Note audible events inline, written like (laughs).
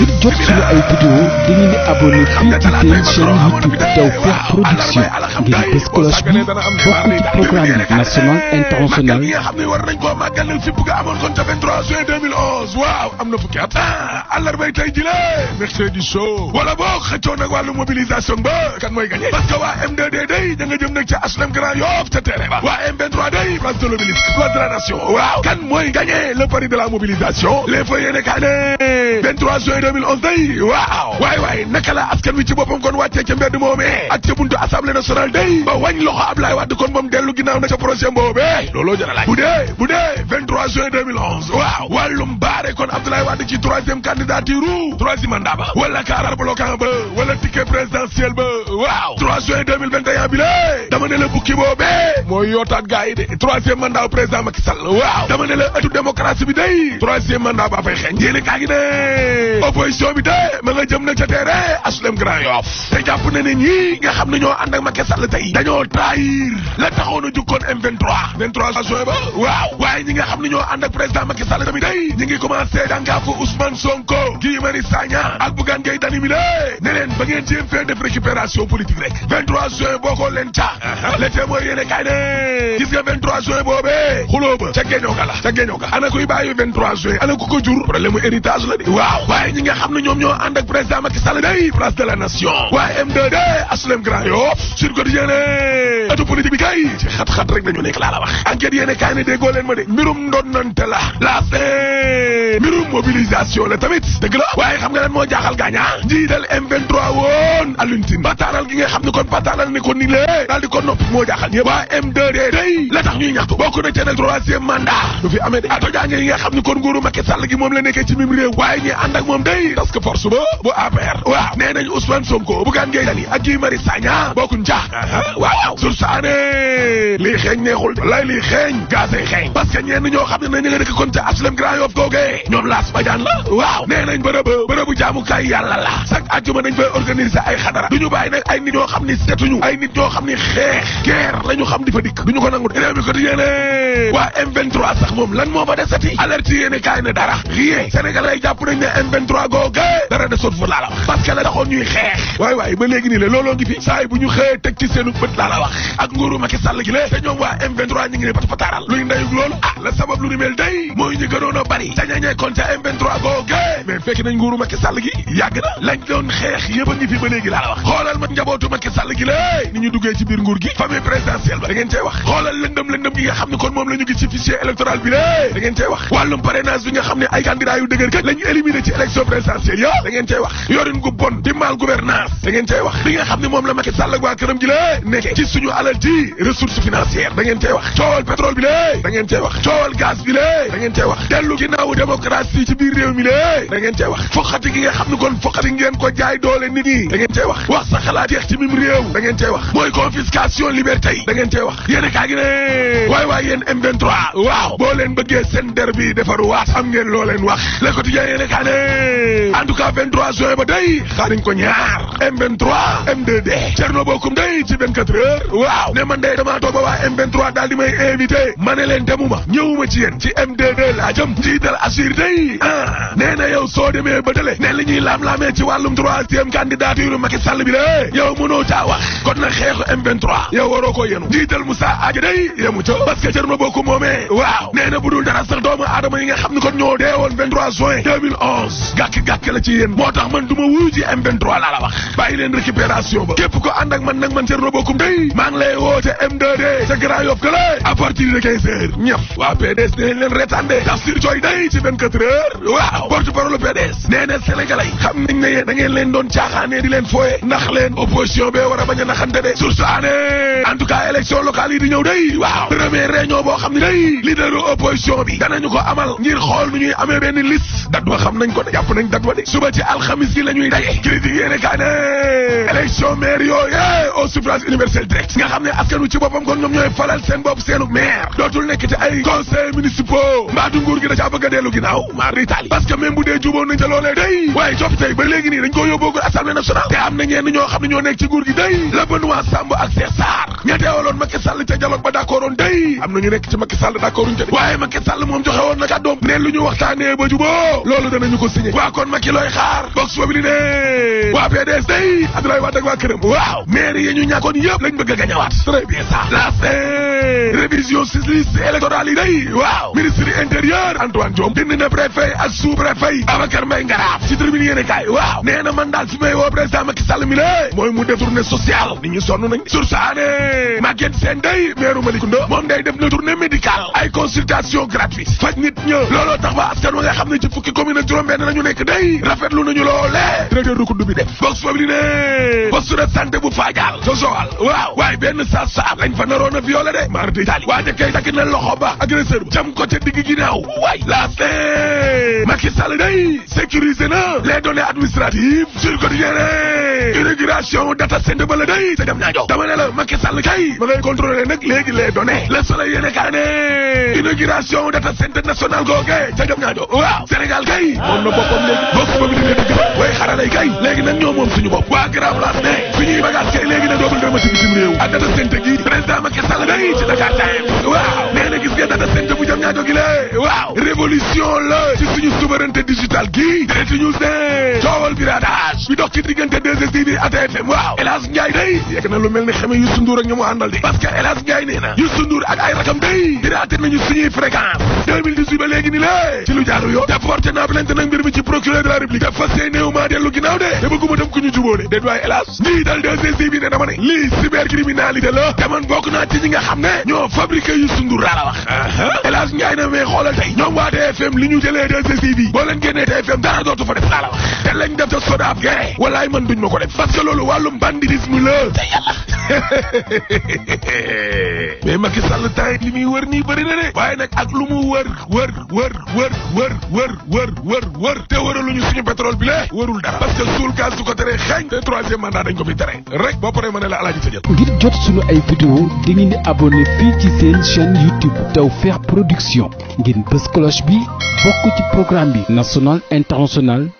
ngir jot suñu ay vidéo di ngeen di abonné fii ci seen chaîne YouTube Tawfekh Production ngir bés cloche bi bokk ci programme bi national international. yi a waaw am na fukki at. Ah, àllarbay tey jii la. mercredi show. wala boog xëccoo nag wàllu mobilisation ba kan mooy gagné. parce que waa M2D day da nga jëm nag ca HLM Grand Yoff ca terrain ba. waa M23 day waaw. kan mooy gagné le pari de la mobilisation. les feuilles yéene kaay 2011 day waaw waay waay naka la askan wi ci boppam kon wàccee ca mbedd moomee ak ca buntu assemblée nationale day ba wañ loxo Ablaye Wade kon moom dellu ginnaaw na ca projet boobee bu dee bu dee juin 2011 waaw wàllum baare kon Abdoulaye Wade ci troisième candidature u troisième mandat ba wala kaaral bloquant ba wala ticket présidentiel ba waaw 3 juin 2021 bi lé dama ne la bukki boobee mooy yootaat gars yi de troisième mandat président Macky Sall waaw dama la ëttu démocratie bi day troisième mandat ba fay xeeñ yéene kaa gi ne opposition bi de ma nga jëm nag ca asulem Grand Yoff te jàpp na ne ñi nga xam ne ñoo ànd ak Macky Sall tey a ànd ak président Macky Sall day ñu ngi commencé dànkaafu Ousmane Sonko Guy Marius Sagna ak Bougane Gueye Dany mi lé ne fee def récupération politique rek 23 juin boo ko leen ca le témoin yéene kaay ne gis nga 23 juin boobee xuloo ba ca géñoo ka ca géñoo ka ana kuy bàyyi 23 juin ana ku ko jur problème héritage la di waaw waaye ñi nga xam ne ñoom ñoo président Macky day place de la nation waaye M2D classe politique bi kay ci xat-xat rek dañu nekk laa la wax enquête yéene kaay ne déggoo leen ma de mbirum ndonnante la la ne mbirum mobilisation la tamit dëgg la waaye xam nga lan moo jaaxal gaañ ah njiital M23 woon aluntin bataaral gi nga xam ne kon bataaral ne ko ni lée daal di ko noppi moo jaaxal ñëpp waa M2D day la tax ñuy na ci xam ne kon nguuru Macky Sall gi moom la nekkee ci mim réew waaye ñi ànd ak moom day parce que force bu APR waaw nee nañ Ousmane Sonko Bougane Gueye Dany ak Guy Marius Sagna bokkuñ jaax waaw sur saane lii xeeñ neexul lay lii xeeñ gazay xeeñ parce que ñenn ñoo xam ne ñoom laas bajaan la waaw nee nañ bërëb bërëbu jaamukaay yàlla la chaque àjjuma nañ fay organiser ay xadara du ñu bàyyi nag ay nit yoo xam ni setuñu ay nit yoo xam ni xeex guerre la ñu xam di fa dikk du ñu ko nangu réew mi quotidien ne waa M23 sax moom lan moo fa desati alerte yéene kaay ne dara rien Sénégal ay jàpp nañ ne M23 googe dara de sot fa laa la wax parce que la taxoon ñuy xeex waay waay ba léegi nii la looloo ngi fi saa bu nekkoon ca M23 googu mais fekk nañ nguuru Macky Sall gi yàgg na lañ doon xeex yëpp a ngi fi ba léegi laa la wax xoolal ma njabootu Macky Sall gi lé ni ñu duggee ci biir nguur gi famille présidentielle ba da ngeen wax xoolal lëndëm lëndëm gi nga xam ne kon moom la ñu ci fichier électoral bi lé da ngeen cey wax wàllum parrainage bi nga xam ne ay candidat yu dëgër kat la éliminé ci élection présidentielle yo da ngeen wax yorin gu bon di mal gouvernance da ngeen wax li xam ne moom la Macky Sall ak waa këram gi lée nekke ci suñu dangeen ngeen cee wax foqati gi nga xam ne kon foqati ngeen ko jaay doole nit ñi da ngeen cee wax wax sa xalaat yeex ci mim réew da ngeen cee wax mooy confiscation liberté yi da ngeen cee wax yéen kaa gi ne waay waay yéen m waaw boo leen bëggee seen der bi defaru waat am wax le quotidien yéen kaa ne en tout cas 23 ba day xaar ko ñaar M23 M2D Cerno Bokum day ci 24 heures waaw ne man ba waa M23 daal di may invité ma ne leen demuma d laa jëm soo demee ba tële ne li ñuy laam-laamee ci wàllum troisième candidature Macky Sall bi la yow mënoo caa wax kon na xeexu M23 waroo ko yenu jiital Moussa Adja day yemu ca parce que cër na bokk moomee waaw nee na bu dul dara sax doomu aadama yi nga xam ne kon ñoo deewoon 23 juin 2011 gàkk-gàkk la ci yéen moo tax man du ma wuyu M23 d ca Grand Yoff gële à partir de 15 heures waa PDS ne leen retande tafsir cooy day ci 24 heures waaw porte le PDS nee na sénégalais xam nañ ne yéen leen doon caaxaanee di leen fooye ndax leen opposition bee war a bañ a naxante de sursaane en tout cas élection di ñëw day waaw premier réunion boo xam ne day leaderu opposition bi danañu ko amal ngir xool nu ñuy amee benn liste dat wa xam nañ ko de jàpp nañ dat wa de suba ci alxamis yi la ñuy daje critique yéene élection maire yooyu eh, au suffrage universel direct nga xam ne askan wi ci boppam kon ñoom ñooy falal seen bopp seenu maire dootul nekk ci ay conseil municipaux mbaadu nguur gi da caa bëgg a dellu ginnaaw maar di taali bu dee jubóon nañ ca day waaye copp tey ba léegi nii dañ koo yóbboogul assemblée nationale te am na ñenn ñoo xam ne ñoo nekk ci nguur gi day la Benoît Samb ak Cheikh Sarr ña teewaloon Macky Sall ca dialogue ba d'accord woon day am ne ñu ne waa PDS ak waa këram waaw maire yi ñu ñàkkoon yëpp lañ bëgg a gañawaat très bien ça la révision si liste électorale yi day waaw ministre intérieur Antoine Diome dindi na ak sous préfet Babacar Mbaye Ngaraaf ci tribune yéene waaw nee na si may woo président Macky Sall mi mooy mu def tournée sociale nit ñi sonn nañ sur saane Maguette Sène day maire Malicounda moom day def na tournée médicale ay consultation gratuite faj nit ña looloo tax ba askan wa nga xam poste de santé bu faajaal ca Joal waaw waaye benn sa saab lañ fa naroon a violé de mar d' itali waaja kay takk na loxo ba agresseur ba jam ko ca digg ginnaaw waay laas Macky Sall day sécuriser na les données administratives sur quotidien inauguration data center ba la day sa dem ñaa jox dama ne la Macky Sall kay ma ngay contrôler na léegi les données le soleil yéene kaa inauguration data centre national googe ca jam ñaajo waaw Sénégal kay moom na boppam léegi bokk bëgg di leen gëm way xaralay kay léegi nag ñoo moom suñu bopp waa grand place ne suñuy bagage kay léegi nag doomal dama si bitim réew ak data centre gi président Macky Sall day ci Dakar Times la center bu jam ñaajo gi lée waaw révolution la ci suñu souveraineté digitale gi direct news ne coowal piratage bi dox ci diggante 2STV ak TFM waaw El Hadj Ndiaye day lu mel ni xame Youssou Ndour ak ñamu àndal di parce que El Hadj Ndiaye nee na Youssou Ndour ak ay rakam day piraté nañu suñuy fréquence 2018 ba léegi ni lée naa plainte de la république dafa ku ñu jubóole déet waaye El Hadj dal 2STV ne dama lii cybercriminalité la te man bokk ci ñi nga xam ne ñoo fabriqué Youssou hélas Ndiaye na mais xoolal tey ñoom waa TFM li ñu jëlee 2STV boo leen génnee TFM dara dootu fa def laa la te lañ def ca Sodav gere walaay man duñ ma ko def parce que loolu wàllum banditisme la (laughs) mais Macky Sall tey li muy wër nii bëri na de waaye nag ak lu mu wër wër wër wër wër wër wër wër wër te wëraluñu suñu pétrole bi la wërul dara parce que suul gaz du ko tere xeeñ te troisième mandat dañ ko fi tere rek boo paree ma ne la alaaji sa jël ngir jot suñu ay vidéo di ngeen di fii ci seen chaîne YouTube Tawfekh Production ngeen bës cloche bi bokk ci programme bi national international